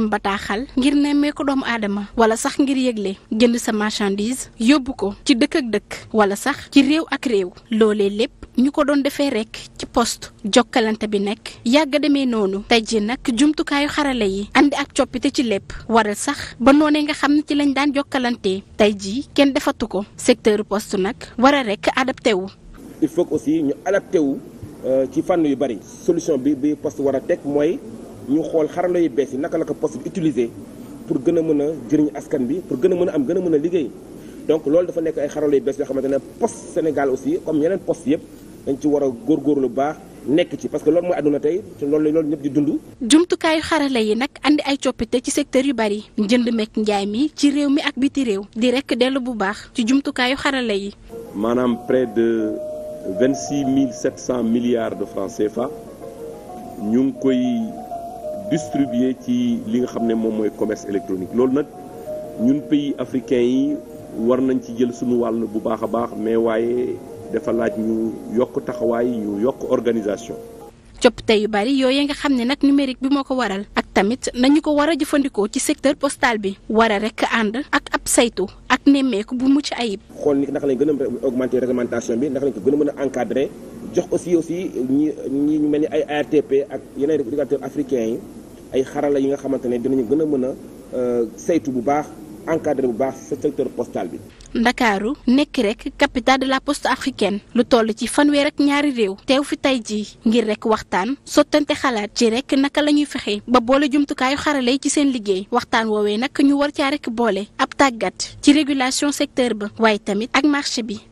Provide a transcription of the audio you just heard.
bitim bataaxal nemmee nemmeeku doomu aadama wala sax ngir yëgle jënd sa marchandise yóbbu ko ci dëkk ak dëkk wala sax ci réew ak réew loole lépp ñu ko doon defee rek ci post jokkalante bi nekk yàgg demee noonu tey ji nag jumtukaayu xarale yi andi ak coppite ci lépp waral sax ba noonee nga xam ne ci lañ daan jokkalante tey ji kenn defatu ko secteur post nag war a rek adapté wu. il faut aussi ñu adapté euh, ci fànn yu bari solution bi bi poste war a ñu xool xarala yu bees yi naka la ko poste bi pour gën a mën a jëriñ askan bi pour gën a mën a am gën a mën a liggéey donc loolu dafa nekk ay xarala yu bees yoo xamante ne poste Sénégal aussi comme yeneen poste yëpp dañ ci war a góorgóorlu baax nekk ci parce que loolu mooy àdduna tey loolu loolu ñëpp di dund. jumtukaayu xarala yi nag indi ay coppite ci secteur yu bari njënd meeg njaay mi ci réew mi ak biti réew di rekk dell bu baax ci jumtukaayu xarala yi. maanaam près de vingt six mille sept cent milliards de francs CFA ñu ngi distribuer ci li nga xam ne moom mooy commerce électronique loolu nag ñun pays africains yi war nañ ci jël suñu wàll bu baax a baax mais waaye dafa laaj ñu yokk taxawaay ñu yokk organisation. tey yu bari yooyu nga xam ne nag numérique bi moo ko waral ak tamit nañu ko war a jëfandikoo ci secteur postal bi war a rek ànd ak ab saytu ak nemmeeku bu mucc ayib. xool ni ndax lañ gën a augmenter réglementation bi ndax lañ ko gën a mën a encadrer jox aussi aussi ñi ñi ñu mel ni ay ARTP ak yeneen régulateurs africains yi. ay xarala yi nga xamante ne dinañu gën a mën euh, saytu bu baax encadré bu baax sa secteur postal bi. ndakaaru nekk rek capitale de la poste africaine lu toll ci fanweer ak ñaari réew teew fi tey jii ngir rek waxtaan sottante xalaat ci rek naka la ñuy fexe ba boole jumtukaayu xarale yi ci seen liggéey waxtaan woowee nag ñu war caa rek boole ab tàggat ci régulation secteur ba waaye tamit ak marché bi.